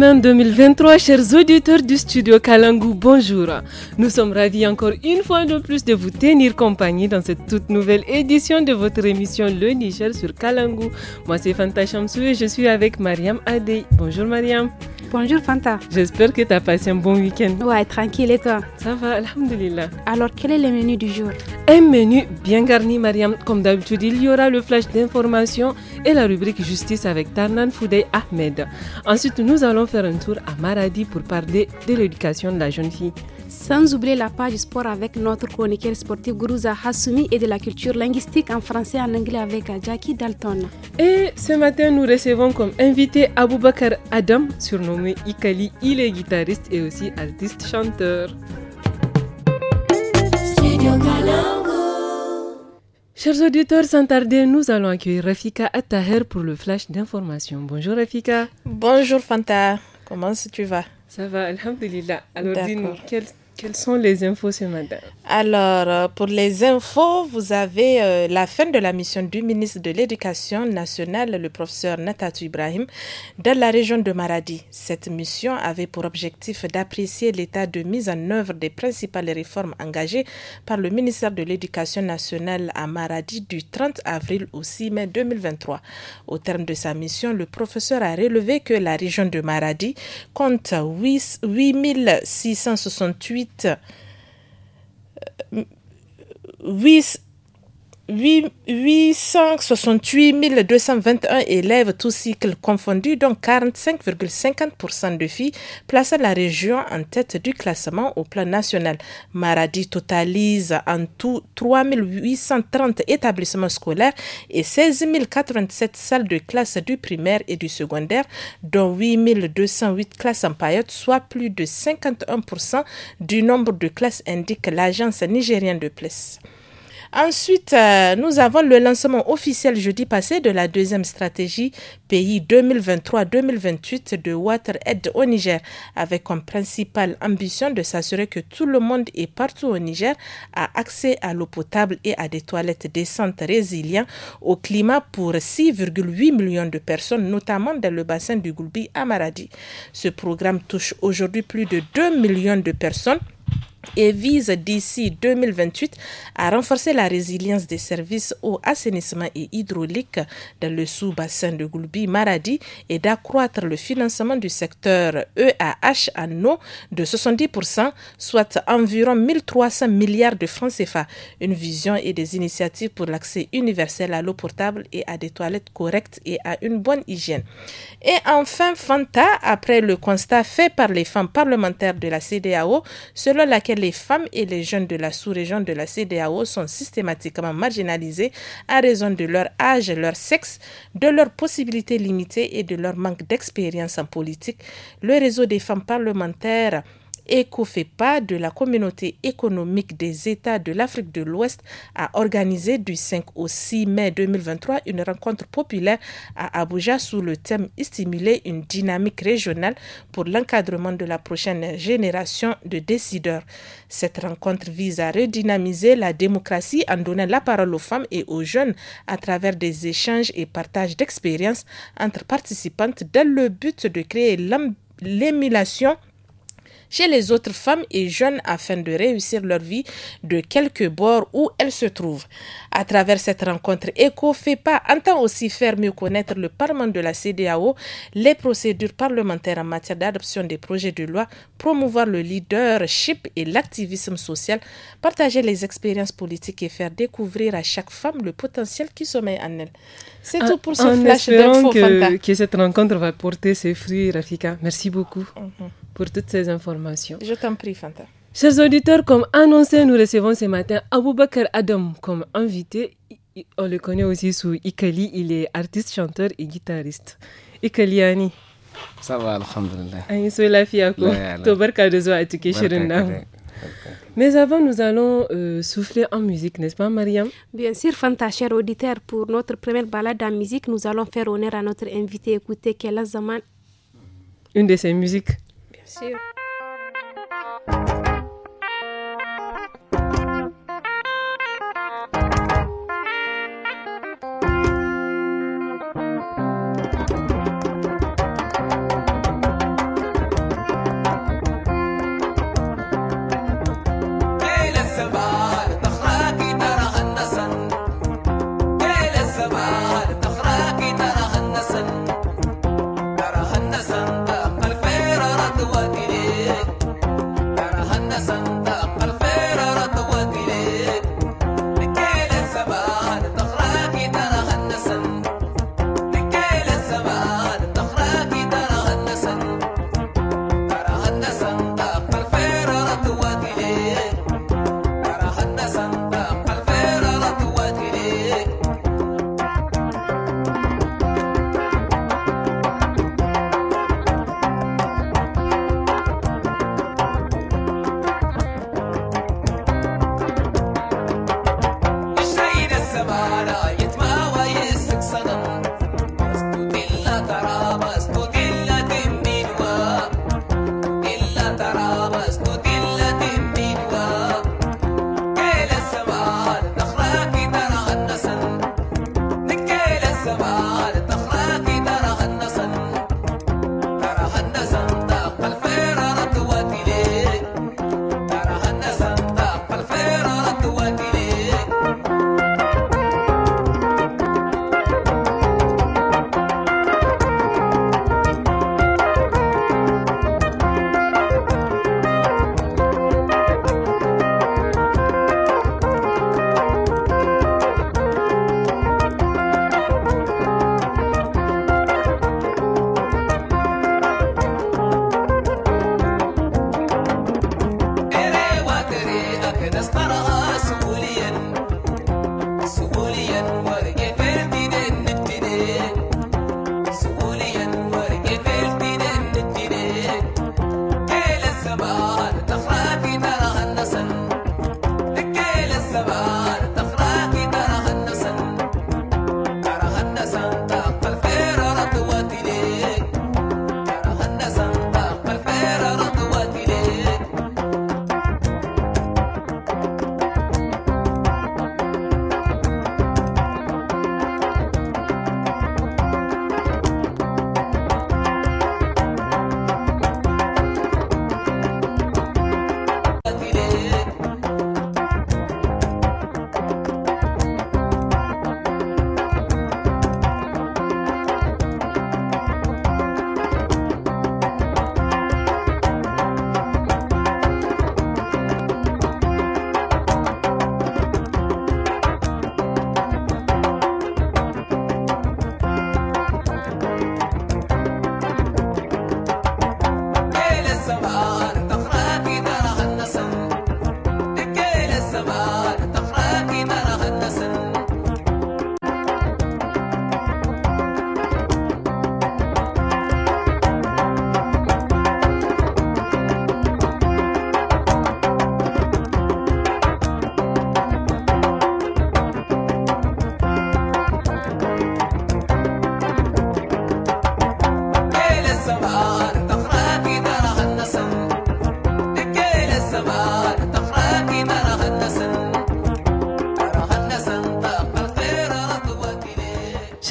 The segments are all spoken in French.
2023, chers auditeurs du studio Kalangu, bonjour. Nous sommes ravis encore une fois de plus de vous tenir compagnie dans cette toute nouvelle édition de votre émission Le Niger sur Kalangu. Moi, c'est Fanta Chamsou et je suis avec Mariam Adey. Bonjour Mariam. Bonjour Fanta. J'espère que tu as passé un bon week-end. Ouais, tranquille et toi Ça va, Alhamdulillah. Alors, quel est le menu du jour Un menu bien garni, Mariam. Comme d'habitude, il y aura le flash d'information et la rubrique justice avec Tarnan Foudey Ahmed. Ensuite, nous allons faire un tour à Maradi pour parler de l'éducation de la jeune fille. Sans oublier la page sport avec notre chroniqueur sportif Guruza Hassoumi et de la culture linguistique en français et en anglais avec Jackie Dalton. Et ce matin, nous recevons comme invité Aboubakar Adam, surnommé Ikali. Il est guitariste et aussi artiste chanteur. Chers auditeurs, sans tarder, nous allons accueillir Rafika Attaher pour le flash d'information. Bonjour Rafika. Bonjour Fanta. Comment tu vas Ça va, Alhamdulillah. Alors dis-nous, quelle quelles sont les infos ce matin Alors, euh, pour les infos, vous avez euh, la fin de la mission du ministre de l'Éducation nationale, le professeur Natatou Ibrahim, dans la région de Maradi. Cette mission avait pour objectif d'apprécier l'état de mise en œuvre des principales réformes engagées par le ministère de l'Éducation nationale à Maradi du 30 avril au 6 mai 2023. Au terme de sa mission, le professeur a relevé que la région de Maradi compte 8, 8668 euh, oui, 8, 868 221 élèves, tous cycles confondus, dont 45,50% de filles, plaçant la région en tête du classement au plan national. Maradi totalise en tout 3830 établissements scolaires et 16 087 salles de classe du primaire et du secondaire, dont 8208 classes en période soit plus de 51% du nombre de classes, indique l'agence nigérienne de place. Ensuite, euh, nous avons le lancement officiel jeudi passé de la deuxième stratégie pays 2023-2028 de Aid au Niger, avec comme principale ambition de s'assurer que tout le monde et partout au Niger a accès à l'eau potable et à des toilettes décentes résilientes au climat pour 6,8 millions de personnes, notamment dans le bassin du Goulbi à Maradi. Ce programme touche aujourd'hui plus de 2 millions de personnes et vise d'ici 2028 à renforcer la résilience des services eau, assainissement et hydraulique dans le sous-bassin de Goulbi, Maradi et d'accroître le financement du secteur EAH à eau de 70%, soit environ 1300 milliards de francs CFA. Une vision et des initiatives pour l'accès universel à l'eau portable et à des toilettes correctes et à une bonne hygiène. Et enfin, Fanta, après le constat fait par les femmes parlementaires de la CDAO, selon laquelle les femmes et les jeunes de la sous-région de la CDAO sont systématiquement marginalisées à raison de leur âge, leur sexe, de leurs possibilités limitées et de leur manque d'expérience en politique. Le réseau des femmes parlementaires ECOFEPA, de la Communauté économique des États de l'Afrique de l'Ouest a organisé du 5 au 6 mai 2023 une rencontre populaire à Abuja sous le thème Stimuler une dynamique régionale pour l'encadrement de la prochaine génération de décideurs. Cette rencontre vise à redynamiser la démocratie en donnant la parole aux femmes et aux jeunes à travers des échanges et partages d'expériences entre participantes dans le but de créer l'émulation chez les autres femmes et jeunes afin de réussir leur vie de quelque bord où elles se trouvent. À travers cette rencontre ECO, pas entend aussi faire mieux connaître le Parlement de la CDAO, les procédures parlementaires en matière d'adoption des projets de loi, promouvoir le leadership et l'activisme social, partager les expériences politiques et faire découvrir à chaque femme le potentiel qui sommeille en elle. C'est ah, tout pour ce flash d'info, que, que cette rencontre va porter ses fruits, Rafika. Merci beaucoup. Mhm pour toutes ces informations. Je t'en prie, Fanta. Chers auditeurs, comme annoncé, nous recevons ce matin Aboubakar Adam comme invité. On le connaît aussi sous Ikali, il est artiste, chanteur et guitariste. Ikaliani. Ça va, alhamdulillah. mais avant, nous allons euh, souffler en musique, n'est-ce pas, Mariam Bien sûr, Fanta, Chers auditeurs pour notre première balade en musique, nous allons faire honneur à notre invité, écouter Kela Zaman. Une de ses musiques See you.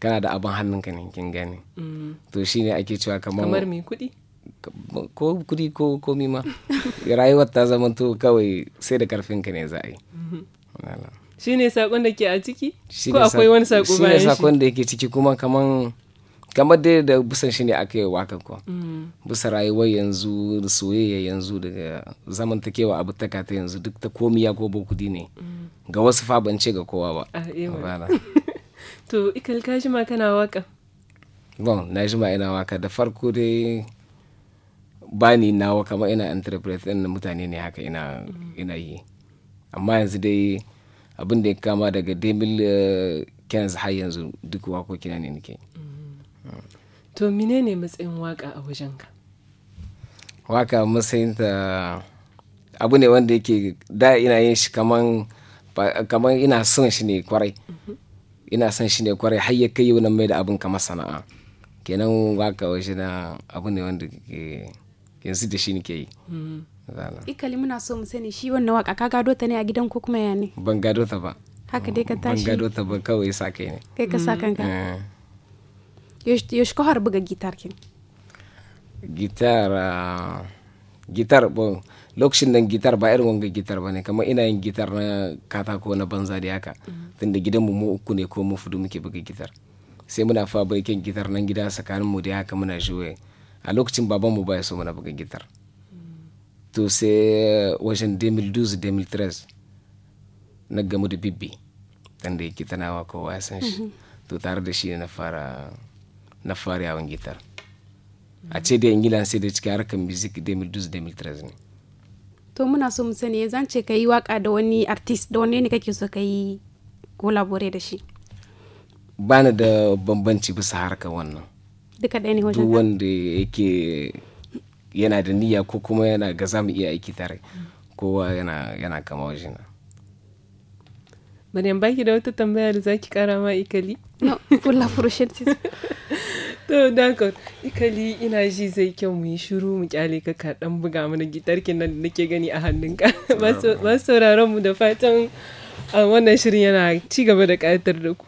kana da abin hannunka ne kin gane mm. to shine ake cewa kamar kamar mai kuɗi ko kuɗi ko komi ma rayuwar ta zama to kawai sai da karfinka ne za a yi mhm. shi ne sakon da ke a ciki ko akwai wani sako bayan shi shi ne sakon da yake ciki kuma kamar. kamar dai da busan shi ne aka yi waka kuwa mm. bisa rayuwar yanzu da soyayya yanzu daga kewa abu ta yanzu duk ta komiya ko kudi ne mm. ga wasu fa ban ce ga kowa ba ah, eh to ikal ka jima kana waka bon na jima ina waka da farko dai na waka ma ina interpret ɗin mutane ne haka ina ina yi amma yanzu dai abin da ya kama daga demil eh, kenz har yanzu duk wakokina ne nake mm-hmm. to menene matsayin waka a wajenka waka matsayin ta abu ne wanda yake da ina yin shi kaman ina son shi ne kwarai mm-hmm. ina son shi ne kwarai har ya kai wani mai da abin kamar sana'a kenan ka waje na abu ne wanda ke yanzu da shi ke yi hmm. ikali muna so mu sani shi wannan waka ka gado ta ne a gidan ko kuma ya ne ban gado ta ba haka dai ka tashi ban gado ta ba kawai sa kai ne kai ka sa hmm. kanka eh. yaushe ko har buga gitar ke gitar ah, gitar bon lokacin nan gitar ba irin wanga gitar ba ne kamar ina yin gitar na katako na banza da yaka tunda gidanmu mu uku ne ko mu fudu muke buga gitar sai muna fa baikin gitar nan gida tsakanin mu da yaka muna juye a lokacin baban mu baya so muna buga gitar to sai wajen 2012-2013 na gamu da bibbi tunda yake tanawa kowa ya san shi to tare da shi na fara na fara yawon gitar a ce da ingilan sai da cikin harkar music 2012-2013 ne to muna so mu sani zance an ka yi waka da wani artist da wani ne kake so ka yi kolabore da shi bani da bambanci bisa harka wannan duka ɗaya ne hoshe duk wanda yake yana da niyya ko kuma yana ga zamu iya aiki tare kowa yana yana kama wajena Maryam baki da wata tambaya da zaki kara ma ikali no fulla furushin to ka ikali ina ji zai kyau mu yi shiru mu kyale ka ka dan buga mana gitarkin nan da nake gani a hannunka ba sauraron mu da fatan ah, wannan shirin yana ci gaba da kayatar da ku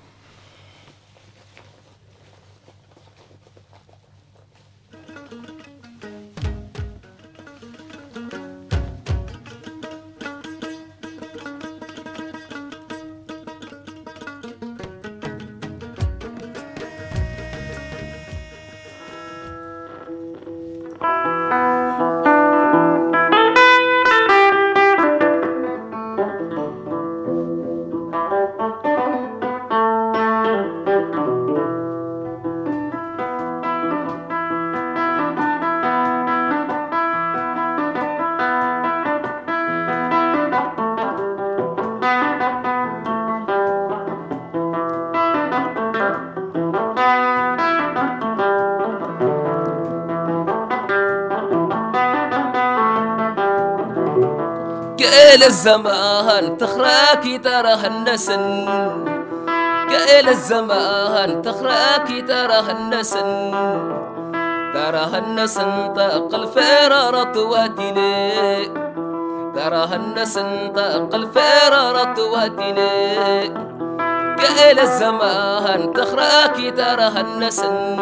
قائل الزمان تخراكي ترى هالنسن قائل الزمان تخراكي ترى هالنسن ترى هالنسن طاق الفرارة واتني ترى هالنسن طاق الفرارة واتني قائل الزمان تخراكي ترى هالنسن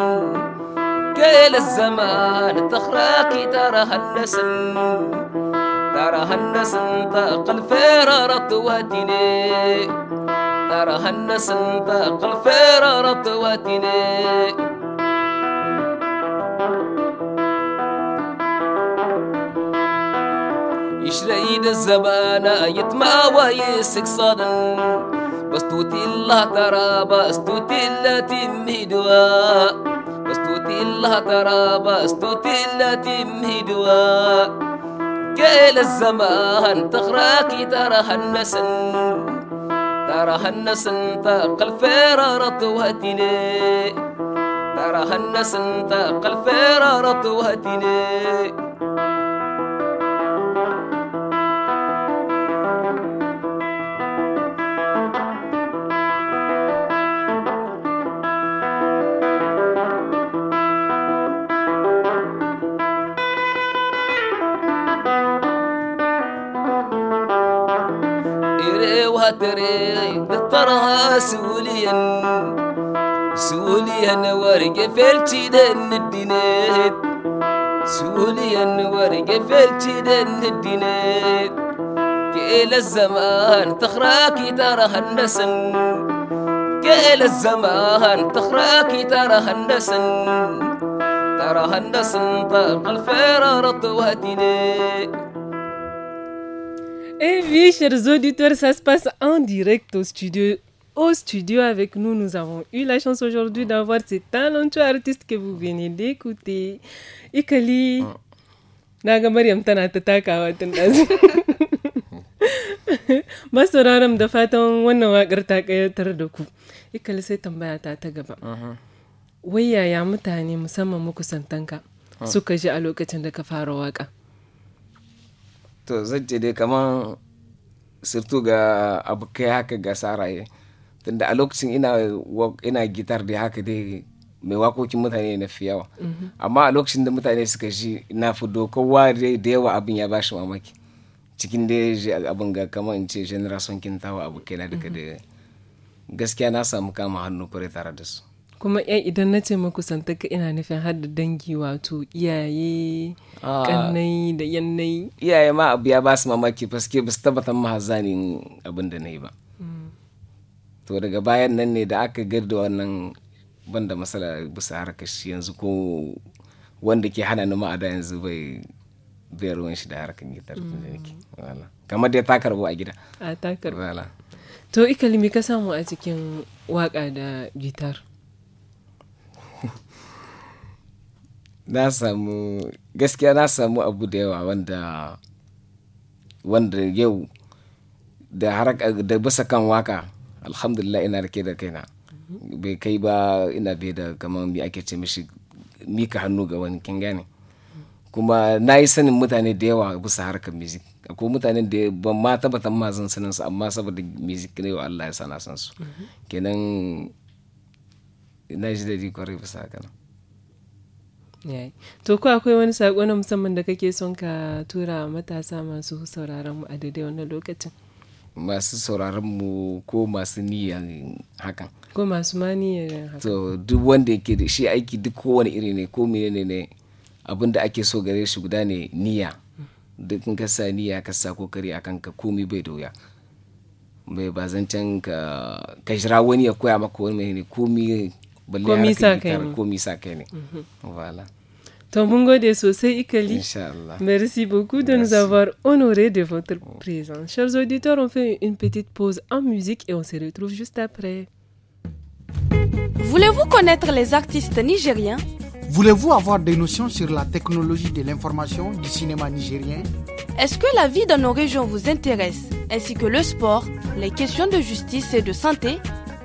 قائل الزمان تخراكي ترى هالنسن ترى الناس انطاق الفرارة تواتيني ترى الناس انطاق الفرارة تواتيني يشريد الزبانة يتما ويسك صدن بس توتي الله ترى بس توتي الله دواء بس توتي الله ترى بس توتي الله دواء جيل الزمان تغراكي ترهن سن ترهن سن تقل فرارة وهتني ترهن سن تقل فرارة وهتني خاطري بطرها سوليا سوليا ورقة فلتي دن الدينات سوليا ورقة فلتي دن الدينات كإلى الزمان تخراكي ترى هندسن كإلى الزمان تخراكي ترى هندسن ترى هندسن طلق الفيرة رطوة دينات Eh oui, chers auditeurs, ça se passe en direct au studio. Au studio avec nous, nous avons eu la chance aujourd'hui d'avoir ces talentueux artiste que vous venez d'écouter. Ikali. Ah. Naga Maryam tana ta takawa tun da fatan wannan waƙar ta ƙayatar da ku. Ikali sai tambaya ta ta gaba. Wai yaya mutane musamman makusantanka ah. suka ji a lokacin da ka fara waƙa? to zan ce dai kaman surtu ga abokai haka ga saraye eh. tunda a lokacin ina ina gitar da haka dai mai wakokin mutane na fi yawa mhm. amma a lokacin da mutane suka shi na fi dokowa da yawa abin ya bashi mamaki cikin da ya abin ga kama in ce generation kintawa abokai na duka mhm. da gaskiya na samu kama hannu kure tare da su kuma ya eh, idan na ce ka ina nufin hada dangi wato iyaye ah. kannai da yannai iyaye ma abu ya ba su mamaki faske ba su tabbatar ma zanin abin da na yi ba mm. to daga bayan nan ne da aka girda wannan ban da matsala bisa harkar shi yanzu ko wanda ke hana ni ma'ada yanzu bai bai ruwan shi da harkar gitar da nake mm. kamar dai ta karbo a gida a ta karbo to ikalimi ka samu a cikin waka da gitar na samu gaskiya na samu abu da yawa wanda wanda yau da haraka da bisa kan waka alhamdulillah ina rike da kaina bai kai ba ina bai da kamar mi ake ce mishi mika hannu ga wani kin gane kuma na yi sanin mutane da yawa bisa harkar music akwai mutanen da ban ma tabbatan ma zan sanin su amma saboda music ne wa Allah ya sana san su mhm. kenan na ji da kwarai bisa haka To ko akwai wani saƙo na musamman da kake son ka tura matasa masu sauraron mu a daidai wannan lokacin? Masu sauraron mu ko masu niyyar hakan. Ko masu ma niyan hakan. To duk wanda yake da shi aiki duk kowane iri ne ko menene ne abin da ake so gare shi guda ne niyya. Duk in ka sa niyya ka sa kokari a kanka komi bai doya Bai ba zancen ka ka jira wani ya koya maka wani ne komi balle mhm. Merci beaucoup de nous avoir honorés de votre oh. présence. Chers auditeurs, on fait une petite pause en musique et on se retrouve juste après. Voulez-vous connaître les artistes nigériens Voulez-vous avoir des notions sur la technologie de l'information du cinéma nigérien Est-ce que la vie dans nos régions vous intéresse, ainsi que le sport, les questions de justice et de santé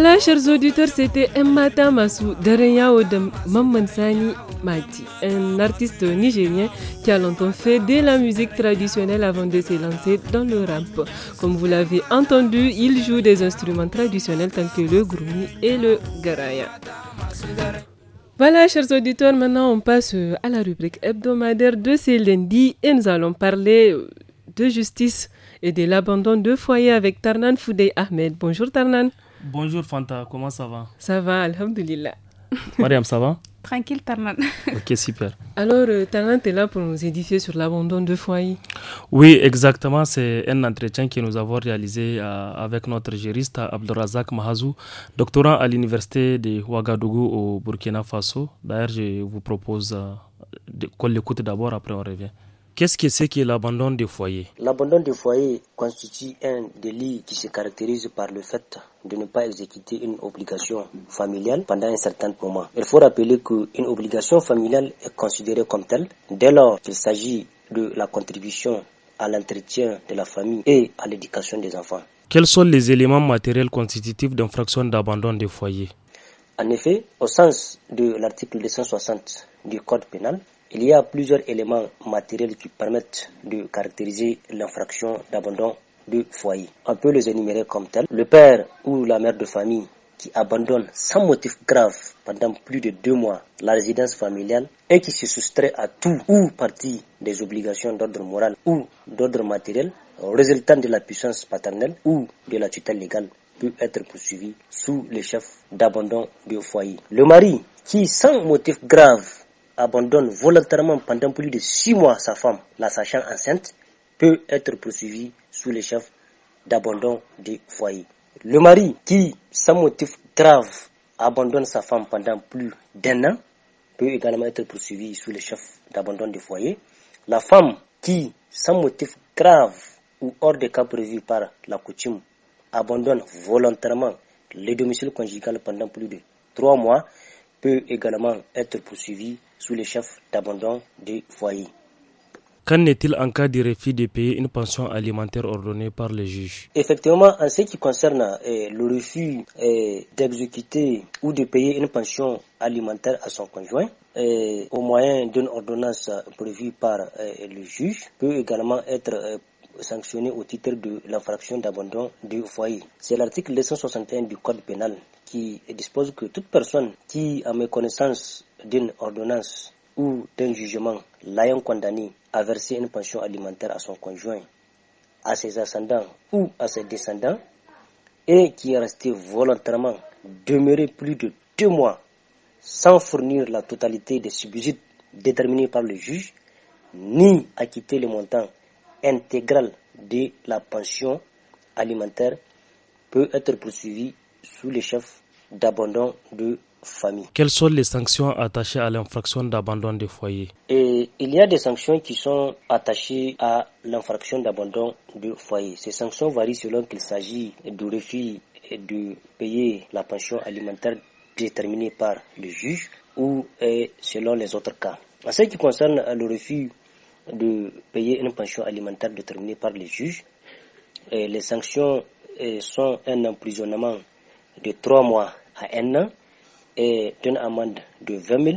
Voilà, chers auditeurs, c'était Emmata Massou de Mamansani Mati, un artiste nigérien qui a longtemps fait de la musique traditionnelle avant de se lancer dans le rap. Comme vous l'avez entendu, il joue des instruments traditionnels tels que le groumi et le garaya. Voilà, chers auditeurs, maintenant on passe à la rubrique hebdomadaire de ce lundi et nous allons parler de justice et de l'abandon de foyer avec Tarnan Foudey Ahmed. Bonjour Tarnan. Bonjour Fanta, comment ça va Ça va, Alhamdulillah. Mariam, ça va Tranquille, Tarnan. ok, super. Alors, euh, Tarnan, tu es là pour nous édifier sur l'abandon de foyer Oui, exactement. C'est un entretien que nous avons réalisé euh, avec notre juriste Abdelrazak Mahazou, doctorant à l'université de Ouagadougou au Burkina Faso. D'ailleurs, je vous propose euh, qu'on l'écoute d'abord, après on revient. Qu'est-ce que c'est que l'abandon des foyers L'abandon des foyers constitue un délit qui se caractérise par le fait de ne pas exécuter une obligation familiale pendant un certain moment. Il faut rappeler qu'une obligation familiale est considérée comme telle dès lors qu'il s'agit de la contribution à l'entretien de la famille et à l'éducation des enfants. Quels sont les éléments matériels constitutifs d'infraction d'abandon des foyers En effet, au sens de l'article 260 du Code pénal, il y a plusieurs éléments matériels qui permettent de caractériser l'infraction d'abandon de foyer. On peut les énumérer comme tels. Le père ou la mère de famille qui abandonne sans motif grave pendant plus de deux mois la résidence familiale et qui se soustrait à tout ou partie des obligations d'ordre moral ou d'ordre matériel résultant de la puissance paternelle ou de la tutelle légale peut être poursuivi sous le chef d'abandon de foyer. Le mari qui, sans motif grave, abandonne volontairement pendant plus de six mois sa femme, la sachant enceinte, peut être poursuivi sous les chefs d'abandon du foyer. Le mari qui, sans motif grave, abandonne sa femme pendant plus d'un an peut également être poursuivi sous le chef d'abandon du foyer. La femme qui, sans motif grave ou hors des cas prévus par la coutume, abandonne volontairement les domiciles conjugal pendant plus de trois mois peut également être poursuivi sous les chefs d'abandon des foyers. Qu'en est-il en cas de refus de payer une pension alimentaire ordonnée par le juge Effectivement, en ce qui concerne eh, le refus eh, d'exécuter ou de payer une pension alimentaire à son conjoint, eh, au moyen d'une ordonnance prévue par le juge, peut également être sanctionné au titre de l'infraction d'abandon du foyer. C'est l'article 261 du Code pénal qui dispose que toute personne qui, en méconnaissance d'une ordonnance ou d'un jugement, l'ayant condamné à verser une pension alimentaire à son conjoint, à ses ascendants ou à ses descendants, et qui est resté volontairement demeuré plus de deux mois sans fournir la totalité des subsides déterminés par le juge, ni acquitter le montant intégrale de la pension alimentaire peut être poursuivie sous le chef d'abandon de famille. Quelles sont les sanctions attachées à l'infraction d'abandon de foyer Et Il y a des sanctions qui sont attachées à l'infraction d'abandon de foyer. Ces sanctions varient selon qu'il s'agit du refus de payer la pension alimentaire déterminée par le juge ou eh, selon les autres cas. En ce qui concerne le refus de payer une pension alimentaire déterminée par les juges. Et les sanctions euh, sont un emprisonnement de 3 mois à 1 an et d'une amende de 20 000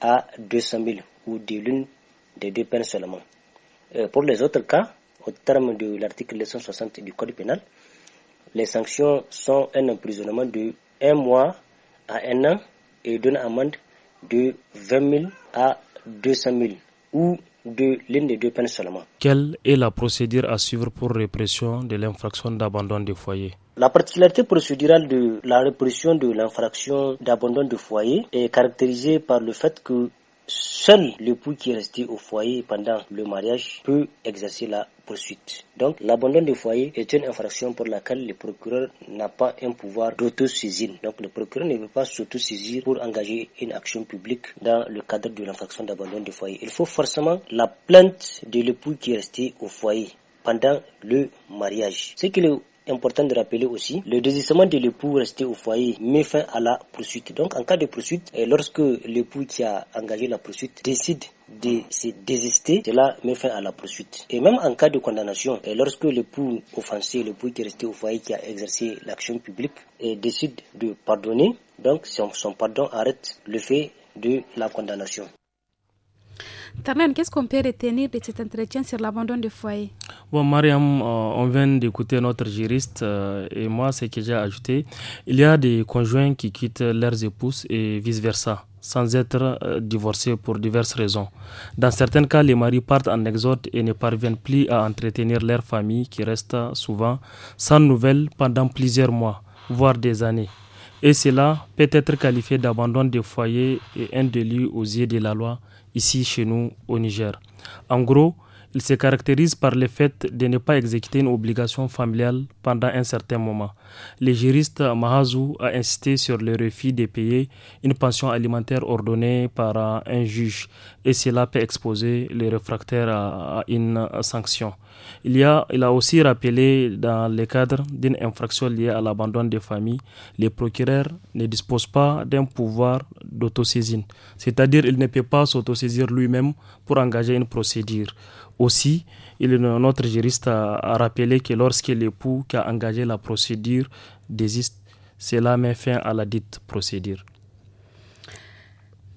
à 200 000 ou de l'une des deux peines seulement. Euh, pour les autres cas, au terme de l'article 160 du Code pénal, les sanctions sont un emprisonnement de 1 mois à 1 an et d'une amende de 20 000 à 200 000 ou de l'une des deux peines seulement. Quelle est la procédure à suivre pour répression de l'infraction d'abandon de foyer la particularité procédurale de la répression de l'infraction d'abandon de foyer est caractérisée par le fait que seul l'époux qui est resté au foyer pendant le mariage peut exercer la poursuite. Donc l'abandon du foyer est une infraction pour laquelle le procureur n'a pas un pouvoir d'auto-saisine. Donc le procureur ne peut pas s'autosaisir pour engager une action publique dans le cadre de l'infraction d'abandon du foyer. Il faut forcément la plainte de l'époux qui est resté au foyer pendant le mariage. Ce que le important de rappeler aussi, le désistement de l'époux resté au foyer met fin à la poursuite. Donc en cas de poursuite, lorsque l'époux qui a engagé la poursuite décide de se désister, cela met fin à la poursuite. Et même en cas de condamnation, et lorsque l'époux offensé, l'époux qui est resté au foyer, qui a exercé l'action publique, et décide de pardonner, donc son pardon arrête le fait de la condamnation. Tarnan, qu'est-ce qu'on peut retenir de cet entretien sur l'abandon des foyers Bon, Mariam, euh, on vient d'écouter notre juriste euh, et moi, ce que j'ai ajouté, il y a des conjoints qui quittent leurs épouses et vice-versa sans être euh, divorcés pour diverses raisons. Dans certains cas, les maris partent en exode et ne parviennent plus à entretenir leur famille qui reste souvent sans nouvelles pendant plusieurs mois, voire des années. Et cela peut être qualifié d'abandon des foyers et un délit aux yeux de la loi ici chez nous au Niger. En gros, il se caractérise par le fait de ne pas exécuter une obligation familiale pendant un certain moment. Le juriste Mahazou a insisté sur le refus de payer une pension alimentaire ordonnée par un juge et cela peut exposer les réfractaires à une sanction. Il, a, aussi rappelé dans le cadre d'une infraction liée à l'abandon des familles, les procureurs ne disposent pas d'un pouvoir d'autosaisine, c'est-à-dire il ne peut pas s'autosaisir lui-même pour engager une procédure aussi, il, notre juriste a, rappelé que lorsque l'époux qui a engagé la procédure désiste, cela met fin à la dite procédure.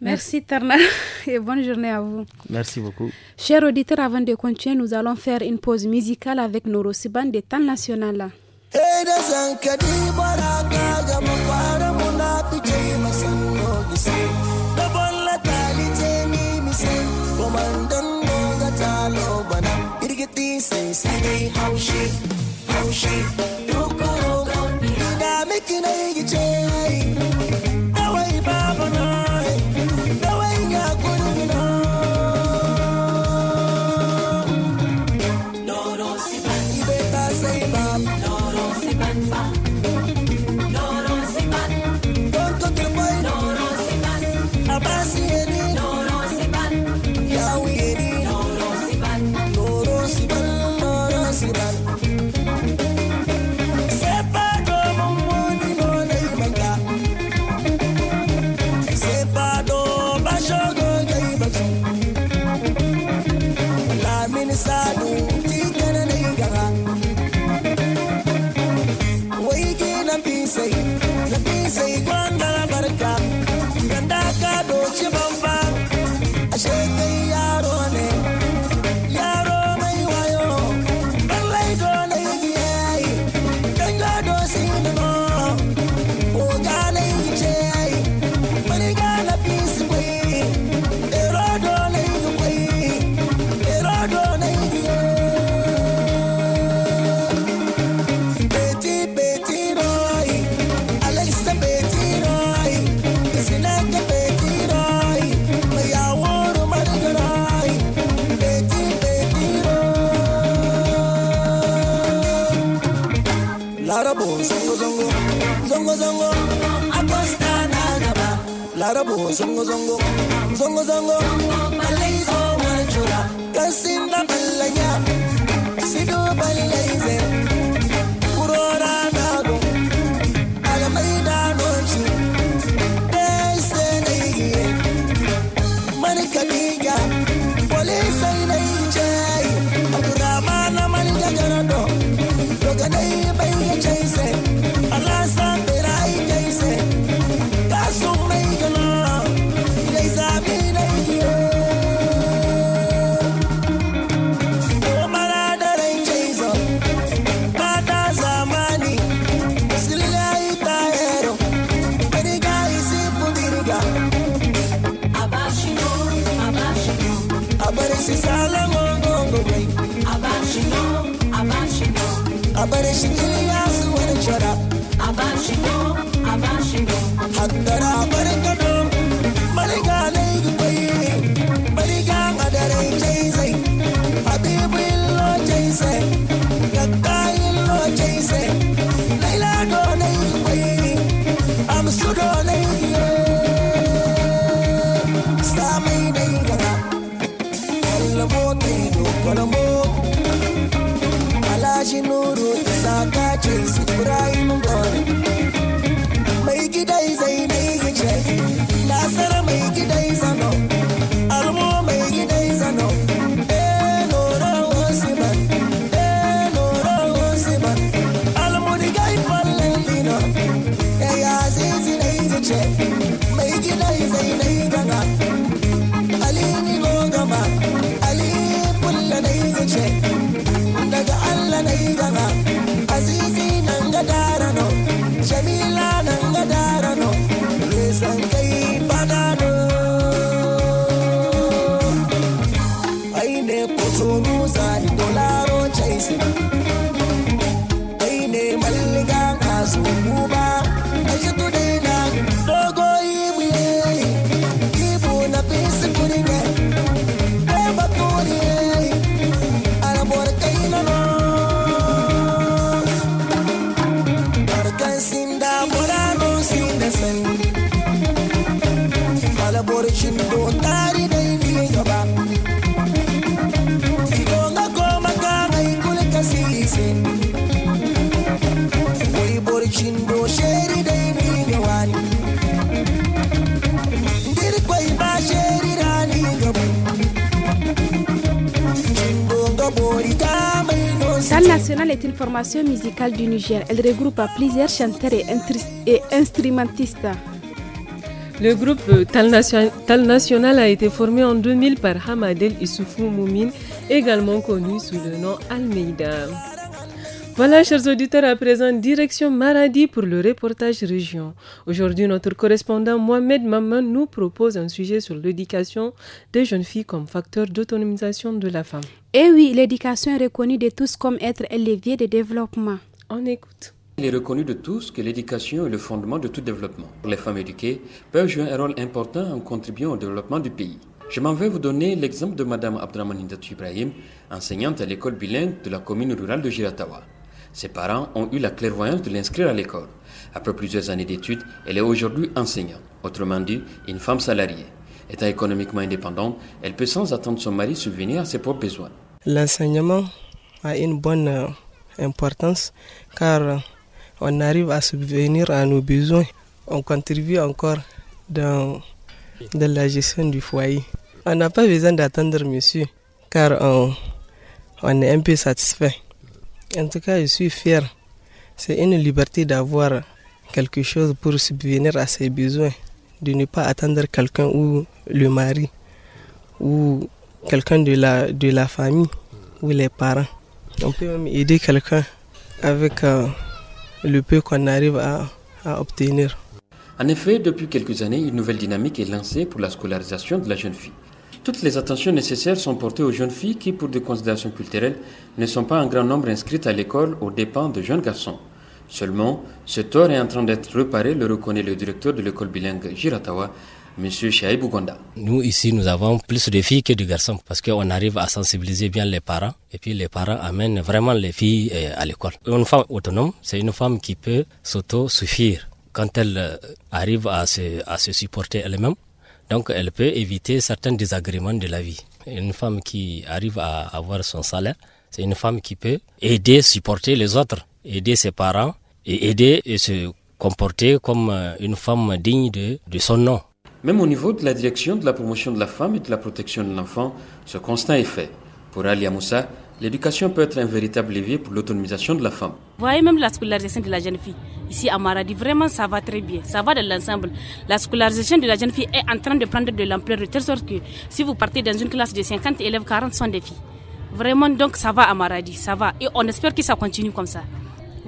Merci Tarna et bonne journée à vous. Merci beaucoup. Chers auditeurs, avant de continuer, nous allons faire une pause musicale avec nos rossiban des temps nationaux. was all over now. Irigiti say, see how she, how she, look, look, look, look, look, look, look, look, look, passado zongo zongo zongo zongo malengo Zongo, chola Tal National est une formation musicale du Niger. Elle regroupe plusieurs chanteurs et, instrumentistes. Le groupe Tal, National a été formé en 2000 par Hamadel Issoufou Moumine, également connu sous le nom Almeida. Voilà, chers auditeurs, à présent, direction Maradi pour le reportage région. Aujourd'hui, notre correspondant Mohamed Maman nous propose un sujet sur l'éducation des jeunes filles comme facteur d'autonomisation de la femme. Eh oui, l'éducation est reconnue de tous comme être un levier de développement. On écoute. Il est reconnu de tous que l'éducation est le fondement de tout développement. Les femmes éduquées peuvent jouer un rôle important en contribuant au développement du pays. Je m'en vais vous donner l'exemple de Mme Abdramanindat Ibrahim, enseignante à l'école bilingue de la commune rurale de Giratawa. Ses parents ont eu la clairvoyance de l'inscrire à l'école. Après plusieurs années d'études, elle est aujourd'hui enseignante, autrement dit, une femme salariée. Étant économiquement indépendante, elle peut sans attendre son mari subvenir à ses propres besoins. L'enseignement a une bonne euh, importance car on arrive à subvenir à nos besoins. On contribue encore dans, la gestion du foyer. On n'a pas besoin d'attendre monsieur car on est un peu satisfait. En tout cas, je suis fier. C'est une liberté d'avoir quelque chose pour subvenir à ses besoins, de ne pas attendre quelqu'un ou le mari ou quelqu'un de la, famille ou les parents. On peut même aider quelqu'un avec euh, le peu qu'on arrive à obtenir. En effet, depuis quelques années, une nouvelle dynamique est lancée pour la scolarisation de la jeune fille. Toutes les attentions nécessaires sont portées aux jeunes filles qui, pour des considérations culturelles, ne sont pas en grand nombre inscrites à l'école aux dépens de jeunes garçons. Seulement, ce tort est en train d'être réparé, le reconnaît le directeur de l'école bilingue Jiratawa, M. Shaïb Gonda. Nous, ici, nous avons plus de filles que de garçons parce qu'on arrive à sensibiliser bien les parents et puis les parents amènent vraiment les filles euh, à l'école. Une femme autonome, c'est une femme qui peut s'auto-suffire quand elle euh, arrive à se supporter elle-même donc elle peut éviter certains désagréments de la vie. Une femme qui arrive à avoir son salaire, c'est une femme qui peut aider, supporter les autres, aider ses parents et aider et se comporter comme euh, une femme digne de, son nom. Même au niveau de la direction de la promotion de la femme et de la protection de l'enfant, ce constat est fait. Pour Ali Moussa, l'éducation peut être un véritable levier pour l'autonomisation de la femme. Vous voyez même la scolarisation de la jeune fille. Ici à Maradi, vraiment, ça va très bien. Ça va de l'ensemble. La scolarisation de la jeune fille est en train de prendre de l'ampleur de telle sorte que si vous partez dans une classe de 50 élèves, 40 sont des filles. Vraiment, donc, ça va à Maradi, ça va. Et on espère que ça continue comme ça.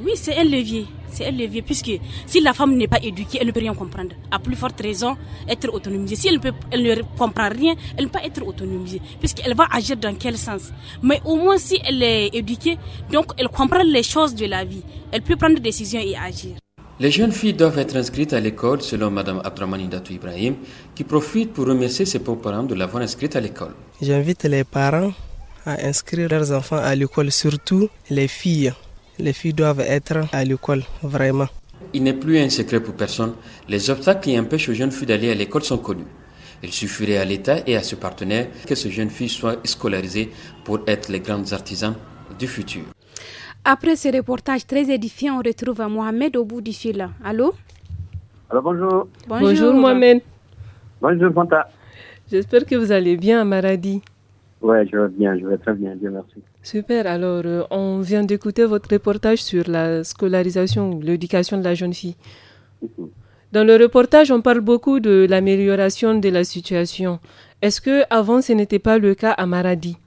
Oui, c'est un levier c'est un levier, puisque si la femme n'est pas éduquée, elle ne peut rien comprendre. A plus forte raison, être autonomisée. Si elle, peut, ne comprend rien, elle ne peut pas être autonomisée, puisqu'elle va agir dans quel sens. Mais au moins, si elle est éduquée, donc elle comprend les choses de la vie. Elle peut prendre des décisions et agir. Les jeunes filles doivent être inscrites à l'école, selon Mme Abdramani Tou Ibrahim, qui profite pour remercier ses parents de l'avoir inscrite à l'école. J'invite les parents à inscrire leurs enfants à l'école, surtout les filles les filles doivent être à l'école, vraiment. Il n'est plus un secret pour personne. Les obstacles qui empêchent aux jeunes filles d'aller à l'école sont connus. Il suffirait à l'État et à ses partenaires que ces jeunes filles soient scolarisées pour être les grandes artisans du futur. Après ce reportage très édifiant, on retrouve Mohamed au bout du fil. Allô Allô, bonjour. bonjour. Mohamed. Bonjour, Fanta. J'espère que vous allez bien à Maradi. Oui, je vais bien, je vais très bien, bien merci. Super, alors euh, on vient d'écouter votre reportage sur la scolarisation, l'éducation de la jeune fille. Mhm. Dans le reportage, on parle beaucoup de l'amélioration de la situation. Est-ce que avant ce n'était pas le cas à Maradi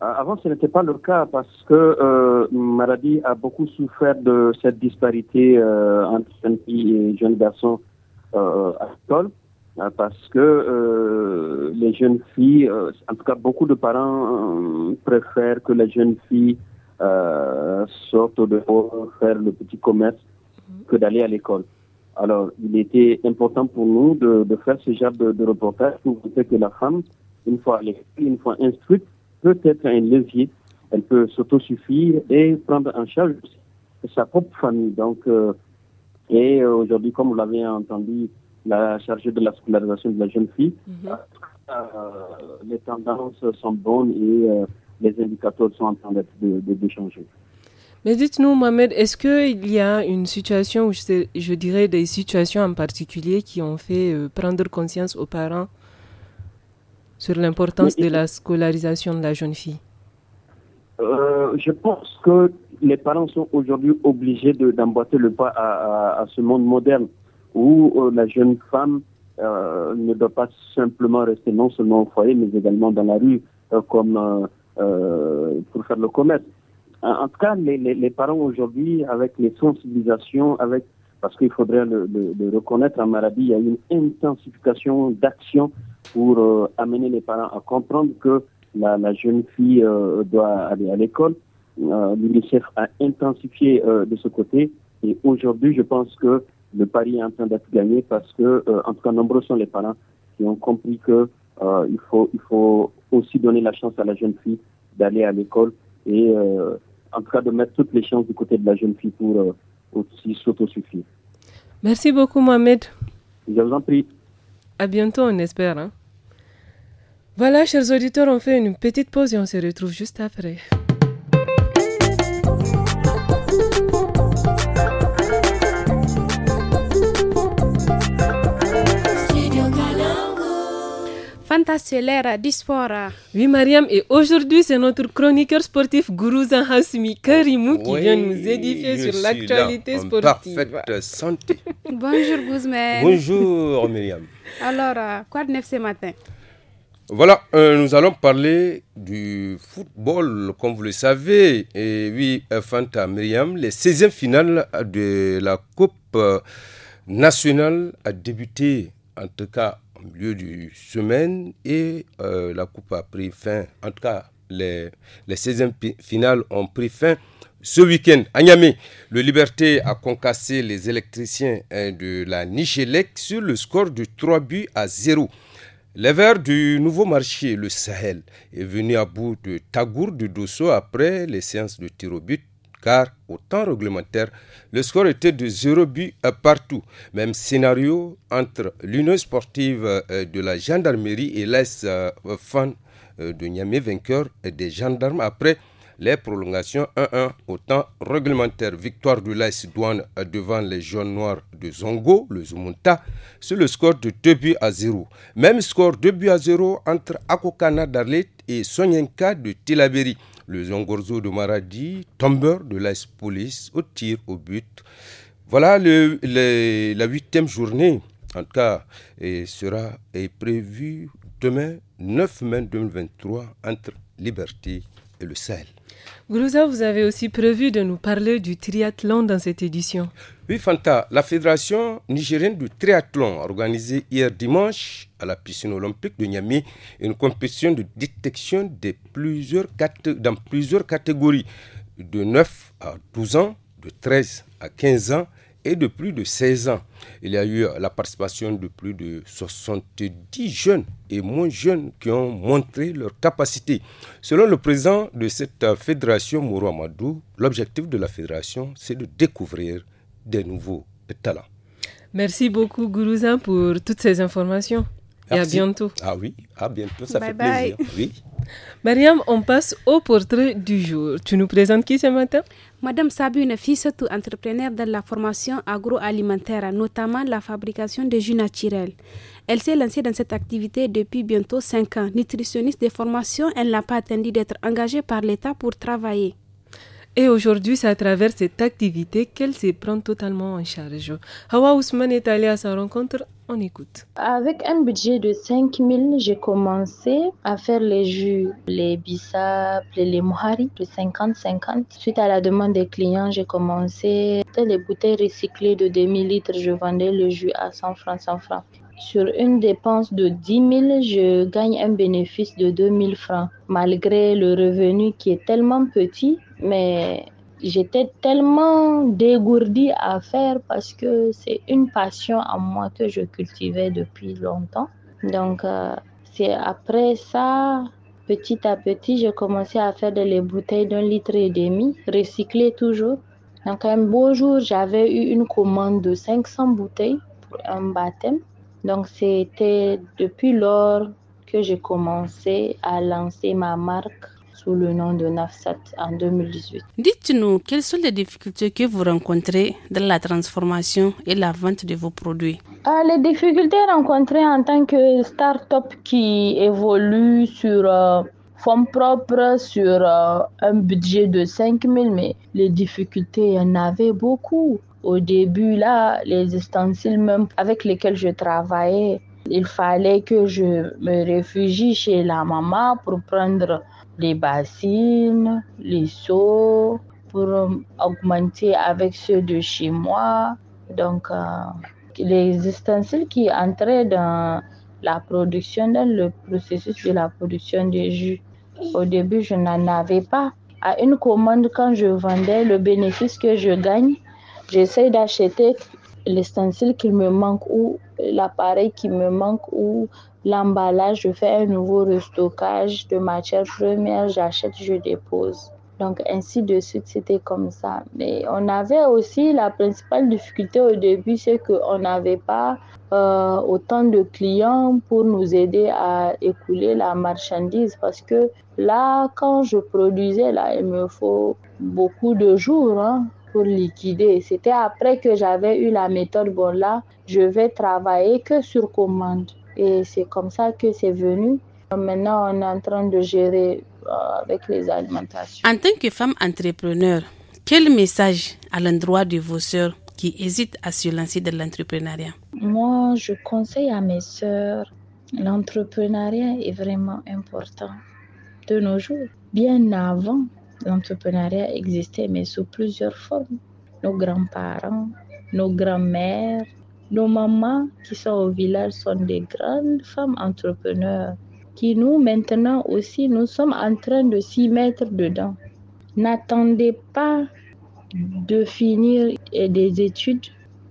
ah, avant, ce n'était pas le cas parce que euh, Maradi a beaucoup souffert de cette disparité euh, entre jeunes filles et jeunes garçons à l'école. Hein, parce que euh, les jeunes filles, euh, en tout cas beaucoup de parents euh, préfèrent que les jeunes filles sortent dehors, faire le petit commerce, mhm. que d'aller à l'école. Alors, il était important pour nous de, faire ce genre de, reportage pour montrer que la femme, une fois une fois instruite, peut être un levier, elle peut s'autosuffire et prendre en charge sa propre famille. Donc, et aujourd'hui, comme vous l'avez entendu, la chargée de la scolarisation de la jeune fille. Mhm. Euh, les tendances sont bonnes et euh, les indicateurs sont en train de, de, changer. Mais dites-nous, Mohamed, est-ce qu'il y a une situation, où je, dirais des situations en particulier qui ont fait euh, prendre conscience aux parents sur l'importance de la scolarisation de la jeune fille Je pense que les parents sont aujourd'hui obligés d'emboîter le pas à, à, ce monde moderne où euh, la jeune femme euh, ne doit pas simplement rester non seulement au foyer, mais également dans la rue, euh, comme pour faire le commerce. En tout cas, les, parents aujourd'hui, avec les sensibilisations, avec parce qu'il faudrait le, reconnaître, en Marabie, il y a une intensification d'action pour amener les parents à comprendre que la, jeune fille doit aller à l'école. L'UNICEF a intensifié de ce côté. Et aujourd'hui, je pense que le pari est en train d'être gagné parce que, euh, en tout cas, nombreux sont les parents qui ont compris que euh, il faut il faut aussi donner la chance à la jeune fille d'aller à l'école et euh, en tout cas de mettre toutes les chances du côté de la jeune fille pour aussi s'autosuffire. Merci beaucoup, Mohamed. Je vous en prie. À bientôt, on espère. Hein. Voilà, chers auditeurs, on fait une petite pause et on se retrouve juste après. Fanta, c'est Dispora. Oui, Mariam, et aujourd'hui, c'est notre chroniqueur sportif Gourouzan Zahasmi Karimou qui vient nous édifier sur l'actualité sportive. Parfaite santé. Bonjour, Guzman. Bonjour, Myriam. Alors, euh, quoi de neuf ce matin voilà, euh, nous allons parler du football, comme vous le savez. Et oui, euh, Fanta Myriam, les 16e finales de la Coupe nationale a débuté, en tout cas lieu milieu du semaine et euh, la coupe a pris fin. En tout cas, les, les 16e finales ont pris fin ce week-end, à Niamey, le Liberté a concassé les électriciens hein, de la Nichelec sur le score de 3 buts à 0. Les Verts du nouveau marché, le Sahel, est venu à bout de Tagour de Dosso après les séances de tir au but car au temps réglementaire, le score était de 0 but euh, partout. Même scénario entre l'Union sportive euh, de la gendarmerie et l'AS euh, fan de Niamey vainqueur des gendarmes après les prolongations 1-1 au temps réglementaire. Victoire de l'Aïs Douane devant les Jeunes noirs de Zongo, le Zumunta, sur le score de 2 buts à 0. Même score 2 buts à 0 entre Akokana d'Arlet et Sonyenka de Tilaberi. Le Zongorzo de Maradi, tombeur de l'AS Police au tir au but. Voilà le, la huitième journée, en tout cas, et sera est prévue demain 9 mai 2023 entre Liberté et le Sahel. Gourouza, vous avez aussi prévu de nous parler du triathlon dans cette édition. Oui, Fanta, la Fédération nigérienne du triathlon a organisé hier dimanche à la piscine olympique de Niamey une compétition de détection dans plusieurs catégories, de 9 à 12 ans, de 13 à 15 ans et de plus de 16 ans. Il y a eu la participation de plus de 70 jeunes et moins jeunes qui ont montré leur capacité. Selon le président de cette fédération, Mourou Amadou, l'objectif de la fédération, c'est de découvrir des nouveaux talents. Merci beaucoup, Gourouza, pour toutes ces informations. Et à bientôt. Ah oui, à bientôt, ça bye fait bye. plaisir. Oui. Mariam, on passe au portrait du jour. Tu nous présentes qui ce matin Madame Sabu surtout entrepreneur dans la formation agroalimentaire, notamment la fabrication de jus naturels. Elle s'est lancée dans cette activité depuis bientôt 5 ans. Nutritionniste de formation, elle n'a pas attendu d'être engagée par l'État pour travailler. Et aujourd'hui, c'est à travers cette activité qu'elle se prend totalement en charge. Hawa Ousmane est allée à sa rencontre, on écoute. Avec un budget de 5 000, j'ai commencé à faire les jus, les bissap, les muhari de 50-50. Suite à la demande des clients, j'ai commencé les bouteilles recyclées de 000 litres. Je vendais le jus à 100 francs, 100 francs sur une dépense de 10 000, je gagne un bénéfice de 2 000 francs, malgré le revenu qui est tellement petit, mais j'étais tellement dégourdie à faire parce que c'est une passion à moi que je cultivais depuis longtemps. Donc, euh, c'est après ça, petit à petit, j'ai commencé à faire des bouteilles d'un litre et demi, recyclées toujours. Donc, un beau jour, j'avais eu une commande de 500 bouteilles pour un baptême. Donc, c'était depuis lors que j'ai commencé à lancer ma marque sous le nom de Nafsat en 2018. Dites-nous, quelles sont les difficultés que vous rencontrez dans la transformation et la vente de vos produits ah, Les difficultés rencontrées en tant que start-up qui évolue sur fond euh, fonds propres, sur euh, un budget de 5 000, mais les difficultés, il y en avait beaucoup. Au début, là, les ustensiles même avec lesquels je travaillais, il fallait que je me réfugie chez la maman pour prendre les bassines, les seaux, pour euh, augmenter avec ceux de chez moi. Donc, euh, les ustensiles qui entraient dans la production, dans le processus de la production des jus. Au début, je n'en avais pas. À une commande, quand je vendais, le bénéfice que je gagne, J'essaie d'acheter l'ustensile qui me manque ou l'appareil qui me manque ou l'emballage. Je fais un nouveau restockage de matière première J'achète, je dépose. Donc ainsi de suite, c'était comme ça. Mais on avait aussi la principale difficulté au début, c'est qu'on n'avait pas euh, autant de clients pour nous aider à écouler la marchandise parce que là, quand je produisais, là, il me faut beaucoup de jours. Hein liquider. C'était après que j'avais eu la méthode, bon là, je vais travailler que sur commande. Et c'est comme ça que c'est venu. Maintenant, on est en train de gérer euh, avec les alimentations. En tant que femme entrepreneur, quel message à l'endroit de vos sœurs qui hésitent à se lancer dans l'entrepreneuriat Moi, je conseille à mes sœurs, l'entrepreneuriat est vraiment important de nos jours, bien avant l'entrepreneuriat existait, mais sous plusieurs formes. Nos grands-parents, nos grand mères nos mamans qui sont au village sont des grandes femmes entrepreneurs qui nous, maintenant aussi, nous sommes en train de s'y mettre dedans. N'attendez pas de finir des études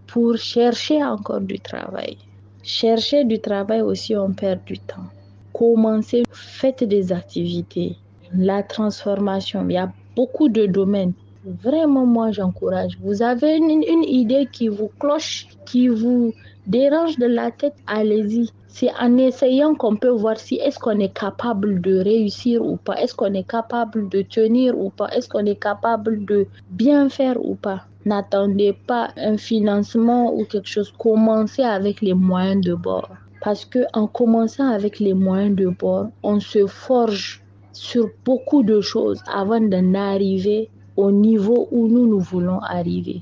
pour chercher encore du travail. Chercher du travail aussi, on perd du temps. Commencez, faites des activités la transformation. Il y a beaucoup de domaines. Vraiment, moi, j'encourage. Vous avez une, idée qui vous cloche, qui vous dérange de la tête, allez-y. C'est en essayant qu'on peut voir si est-ce qu'on est capable de réussir ou pas, est-ce qu'on est capable de tenir ou pas, est-ce qu'on est capable de bien faire ou pas. N'attendez pas un financement ou quelque chose. Commencez avec les moyens de bord. Parce que en commençant avec les moyens de bord, on se forge sur beaucoup de choses avant d'en arriver au niveau où nous nous voulons arriver.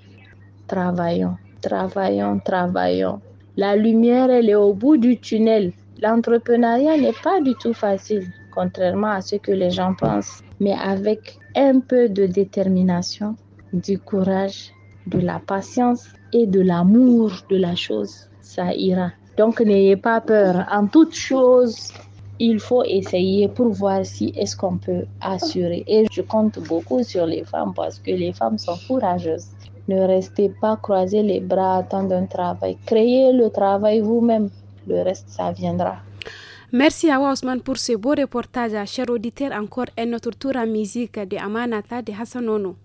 Travaillons, travaillons, travaillons. La lumière, elle est au bout du tunnel. L'entrepreneuriat n'est pas du tout facile, contrairement à ce que les gens pensent. Mais avec un peu de détermination, du courage, de la patience et de l'amour de la chose, ça ira. Donc n'ayez pas peur. En toute chose, il faut essayer pour voir si est-ce qu'on peut assurer. Et je compte beaucoup sur les femmes parce que les femmes sont courageuses. Ne restez pas croiser les bras, temps un travail. Créez le travail vous-même. Le reste, ça viendra. Merci à Ousmane pour ce beau reportage. Chers auditeurs, encore et notre tour à musique de Amanata de Hassanono.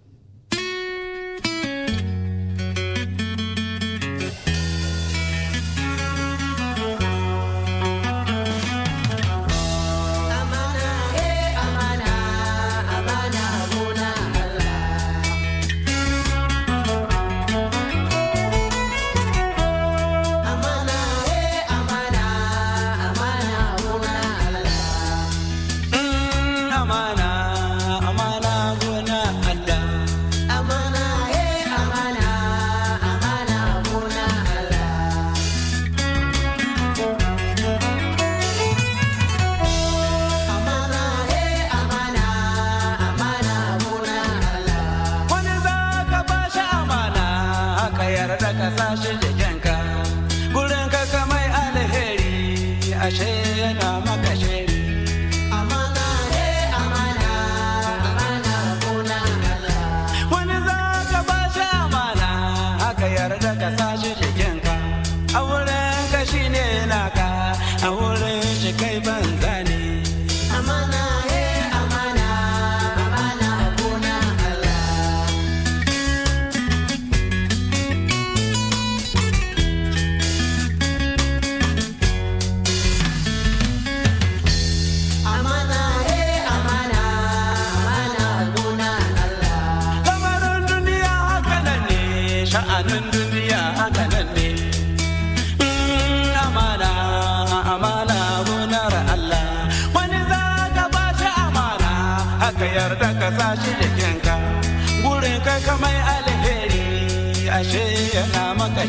kashe yana maka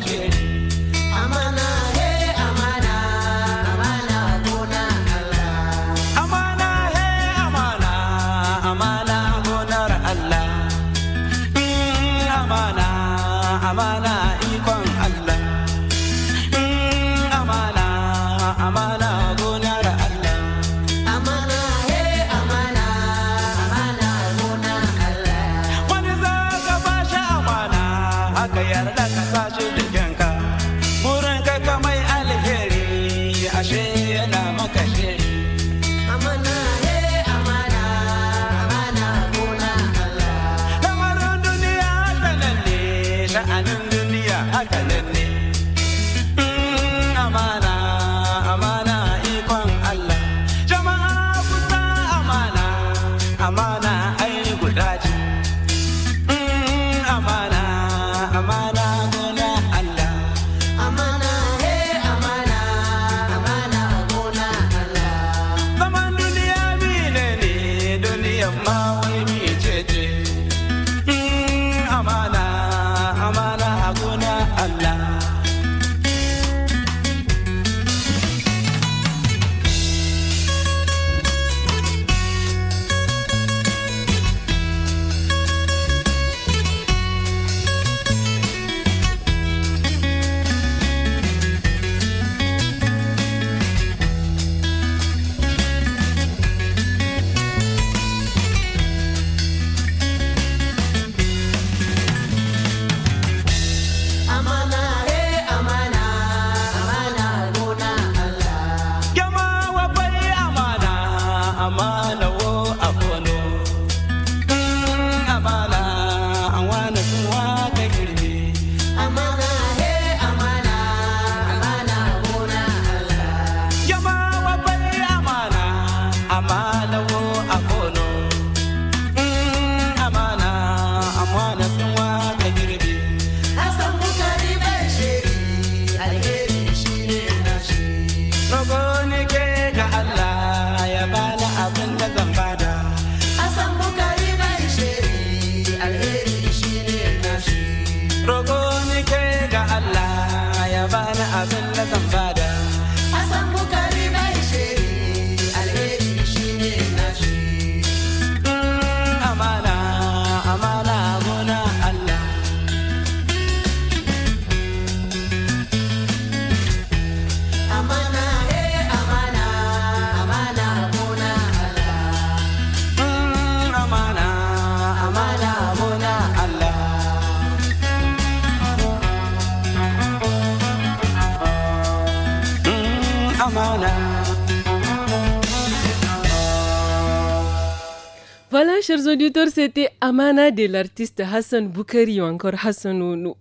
c'était Amana de l'artiste Hassan Boukari ou encore Hassan Ounou.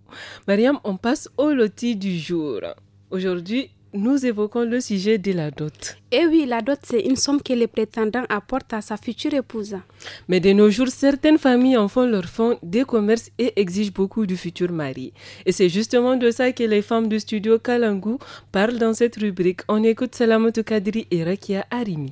Mariam, on passe au loti du jour. Aujourd'hui, nous évoquons le sujet de la dot. Eh oui, la dot, c'est une somme que les prétendants apportent à sa future épouse. Mais de nos jours, certaines familles en font leur fonds des commerces et exigent beaucoup du futur mari. Et c'est justement de ça que les femmes du studio Kalangu parlent dans cette rubrique. On écoute Salamoto Kadri et Rakia Arimi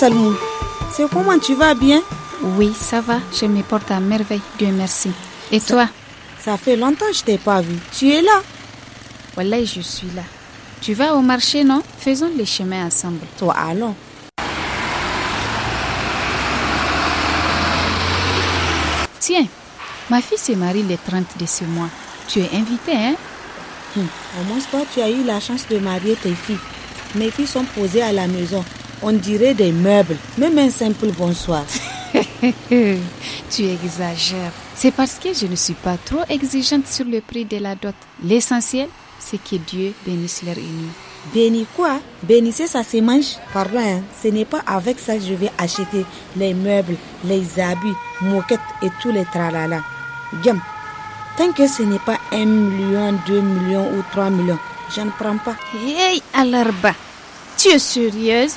Salmou, c'est comment tu vas bien Oui, ça va, je me porte à merveille, Dieu merci. Et toi Ça fait longtemps que je t'ai pas vu. Tu es là Voilà, je suis là. Tu vas au marché, non Faisons les chemins ensemble. Toi, allons. Tiens, ma fille se marie le 30 de ce mois. Tu es invitée, hein hmm. Au moins, toi, tu as eu la chance de marier tes filles. Mes filles sont posées à la maison. On dirait des meubles, même un simple bonsoir. tu exagères. C'est parce que je ne suis pas trop exigeante sur le prix de la dot. L'essentiel, c'est que Dieu bénisse leur union. Béni quoi Bénissez c'est manche Pardon, hein. ce n'est pas avec ça que je vais acheter les meubles, les habits, moquettes et tous les tralala. Gam, tant que ce n'est pas un million, deux millions ou trois millions, je ne prends pas. Hey, bah... tu es sérieuse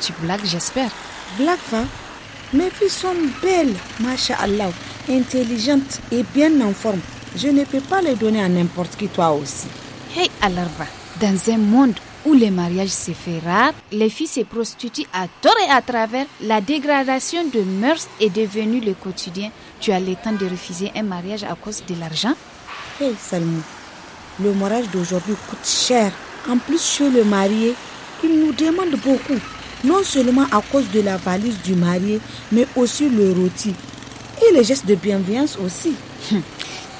tu blagues, j'espère. Blague, va. Hein? Mes filles sont belles, Allah, intelligentes et bien en forme. Je ne peux pas les donner à n'importe qui, toi aussi. Hey, Alarba, dans un monde où les mariages se fait rare, les filles se prostituent à tort et à travers. La dégradation de mœurs est devenue le quotidien. Tu as le temps de refuser un mariage à cause de l'argent Hey, Salmou, le mariage d'aujourd'hui coûte cher. En plus, chez le marié, ils nous demande beaucoup, non seulement à cause de la valise du marié, mais aussi le rôti. Et les gestes de bienveillance aussi. Hum,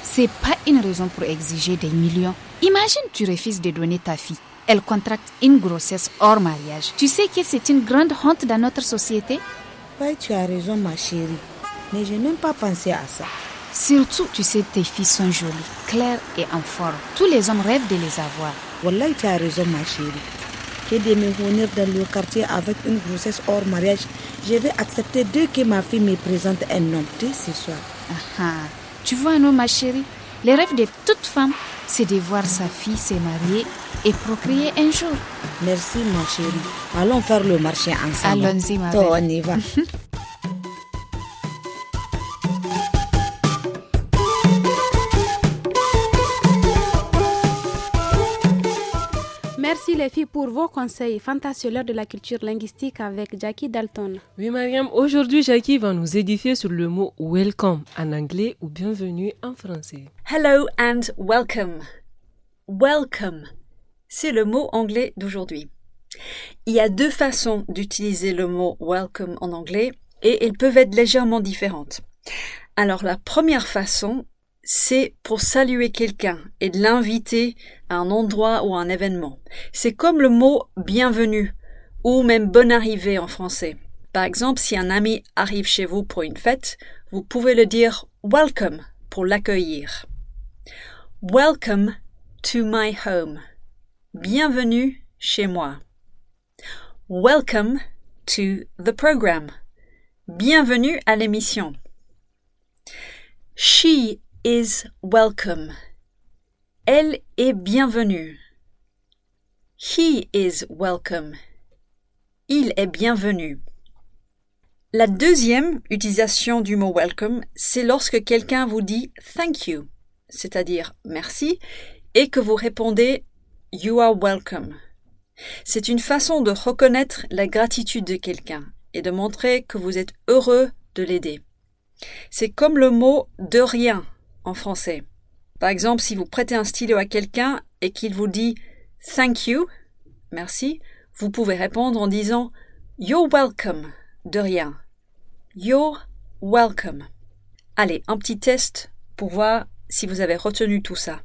c'est pas une raison pour exiger des millions. Imagine tu refuses de donner ta fille. Elle contracte une grossesse hors mariage. Tu sais que c'est une grande honte dans notre société Oui, tu as raison ma chérie. Mais je n'ai même pas pensé à ça. Surtout, tu sais, tes filles sont jolies, claires et en forme. Tous les hommes rêvent de les avoir. Voilà, tu as raison ma chérie et de me venir dans le quartier avec une grossesse hors mariage. Je vais accepter dès que ma fille me présente un homme dès ce soir. Tu vois, non, ma chérie, le rêve de toute femme, c'est de voir sa fille se marier et procréer un jour. Merci, ma chérie. Allons faire le marché ensemble. Allons-y, ma Toi, va. les filles, pour vos conseils fantasieurs de la culture linguistique avec Jackie Dalton. Oui, Mariam, aujourd'hui, Jackie va nous édifier sur le mot welcome en anglais ou bienvenue en français. Hello and welcome. Welcome, c'est le mot anglais d'aujourd'hui. Il y a deux façons d'utiliser le mot welcome en anglais et elles peuvent être légèrement différentes. Alors la première façon, c'est pour saluer quelqu'un et de l'inviter à un endroit ou à un événement. C'est comme le mot bienvenue ou même bonne arrivée en français. Par exemple, si un ami arrive chez vous pour une fête, vous pouvez le dire welcome pour l'accueillir. Welcome to my home. Bienvenue chez moi. Welcome to the program. Bienvenue à l'émission. She is welcome. Elle est bienvenue. He is welcome. Il est bienvenu. La deuxième utilisation du mot welcome, c'est lorsque quelqu'un vous dit thank you, c'est-à-dire merci, et que vous répondez you are welcome. C'est une façon de reconnaître la gratitude de quelqu'un et de montrer que vous êtes heureux de l'aider. C'est comme le mot de rien français. Par exemple, si vous prêtez un stylo à quelqu'un et qu'il vous dit Thank you, merci, vous pouvez répondre en disant You're welcome, de rien. You're welcome. Allez, un petit test pour voir si vous avez retenu tout ça.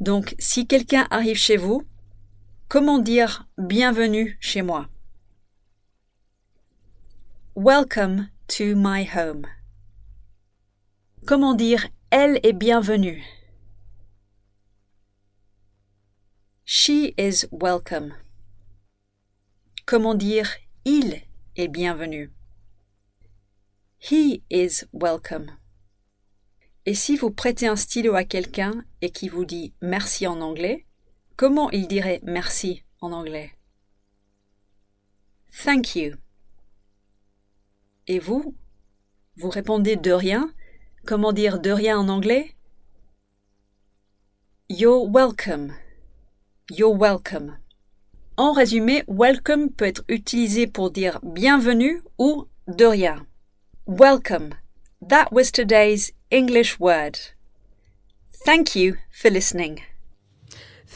Donc, si quelqu'un arrive chez vous, comment dire bienvenue chez moi Welcome to my home. Comment dire elle est bienvenue. She is welcome. Comment dire il est bienvenu? He is welcome. Et si vous prêtez un stylo à quelqu'un et qui vous dit merci en anglais, comment il dirait merci en anglais Thank you. Et vous Vous répondez de rien Comment dire de rien en anglais You're welcome. You're welcome. En résumé, welcome peut être utilisé pour dire bienvenue ou de rien. Welcome. That was today's English word. Thank you for listening.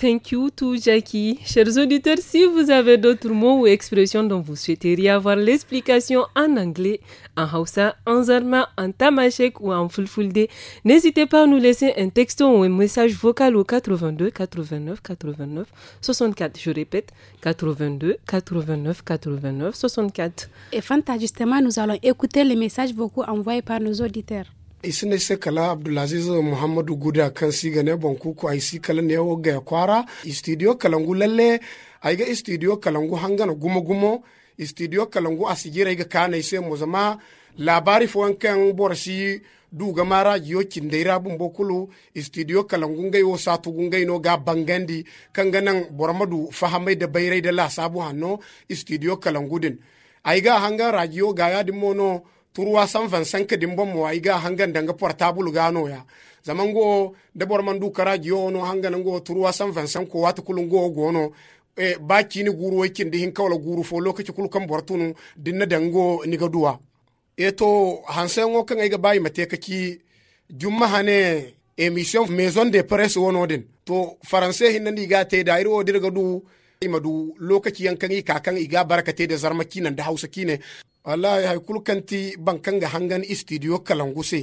Thank you to Jackie. Chers auditeurs, si vous avez d'autres mots ou expressions dont vous souhaiteriez avoir l'explication en anglais, en Hausa, en Zarma, en Tamashek ou en Fulfulde, n'hésitez pas à nous laisser un texto ou un message vocal au 82 89 89 64. Je répète, 82 89 89 64. Et Fanta, justement, nous allons écouter les messages vocaux envoyés par nos auditeurs. isine se kala abdulaziz muhammadu guda kan sigane bonkuku ay si kala ne woga ya kwara studio kalangu lalle ay ga studio kalangu hangana gumo gumo studio kalangu asigira ga kana se mu zama labari fo kan borsi duga mara jiyo kindeira bumbo kulu studio ngai wo satu ngai no ga bangandi kan nan boramadu fahamai da bayrai da la sabu hanno studio kalangu din ga hanga radio ga yadi mono turuwa san fan san kedin bon mo aiga hangan danga portable no ya zaman go da bor man du karaji yono hangan go turuwa san fan san ko wata kulun go no e ba ni guru wakin dihin kawla guru fo lokaci kulkan bortunu dinna dango ga duwa eto hansen go kan ga bai mate kaki jumma hane emission maison de presse wono din to français nan ni ga te da iro dirga du imadu lokaci yankan i kakan iga barkate da zarmaki nan da hausa kine wallahi hay kulkanti bankan ga hangan studio kalangu se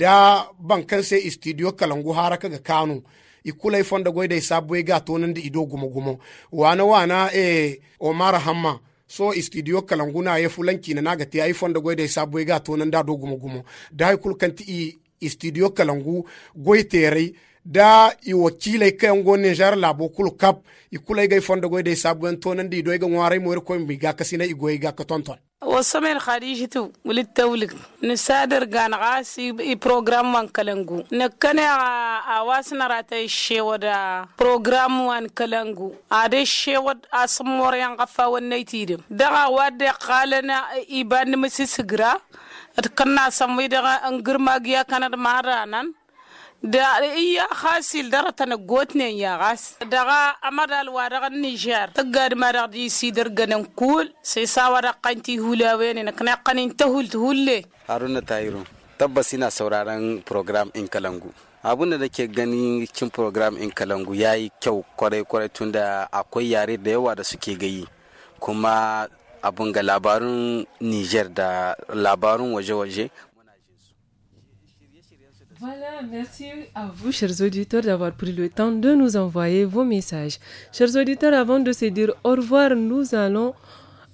da bankan se studio kalangu hara kaga kanu ikulai fonda goida isabu ga tonan da ido gumo gumo wana wana eh Omar Hamma so studio na ya fulanki na naga te ai fonda goida isabu ga tonan da do gumo gumo da haikulkanti kulkanti i studio kalangu goiterei da i wakilai kayan go Niger labo kulu kap i kulai gai fonda goida isabu tonan da ido ga ngware mo ko mi ga kasina i goiga ka tonton wasamel khadijtu wuli tawlik ni sadar gan gasi i program wan kalangu ne kane a awasna rata shewada program wan kalangu ade shewad asmor yan gafa wannan tidem daga wadde qalana iban misisigra at kanna samwi daga an girma giya kanad maranan da iya hasil dara na gotnen ya gas daga amadal wa daga niger gadi ma daga disi darganan kul sai sawa da kanti hula wani na kana kanin ta hulta hulle haruna tayiro tabbas ina sauraron program in kalangu abun da nake gani cikin program in kalangu ya yi kyau kwarai kwarai tunda akwai yare da yawa da suke gayi kuma abun ga labarun niger da labarun waje-waje Voilà, merci à vous, chers auditeurs, d'avoir pris le temps de nous envoyer vos messages. Chers auditeurs, avant de se dire au revoir, nous allons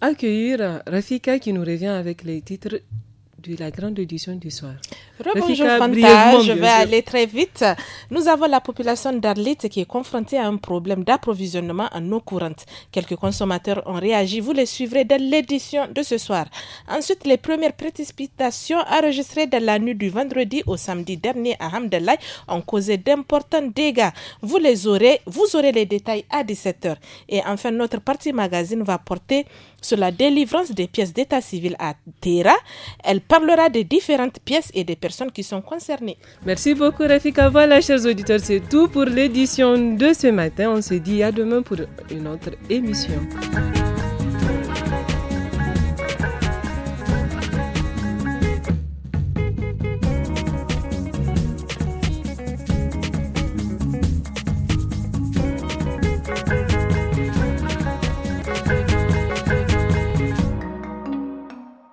accueillir Rafika qui nous revient avec les titres de la grande édition du soir. Rebonjour Fanta, je vais aller très vite. Nous avons la population d'Arlit qui est confrontée à un problème d'approvisionnement en eau courante. Quelques consommateurs ont réagi, vous les suivrez dans l'édition de ce soir. Ensuite, les premières précipitations enregistrées dans la nuit du vendredi au samedi dernier à Hamdelay ont causé d'importants dégâts. Vous les aurez, vous aurez les détails à 17h. Et enfin, notre partie magazine va porter sur la délivrance des pièces d'état civil à Tera. Elle parlera des différentes pièces et des personnes qui sont Merci beaucoup, Rafika. Voilà, chers auditeurs, c'est tout pour l'édition de ce matin. On se dit à demain pour une autre émission.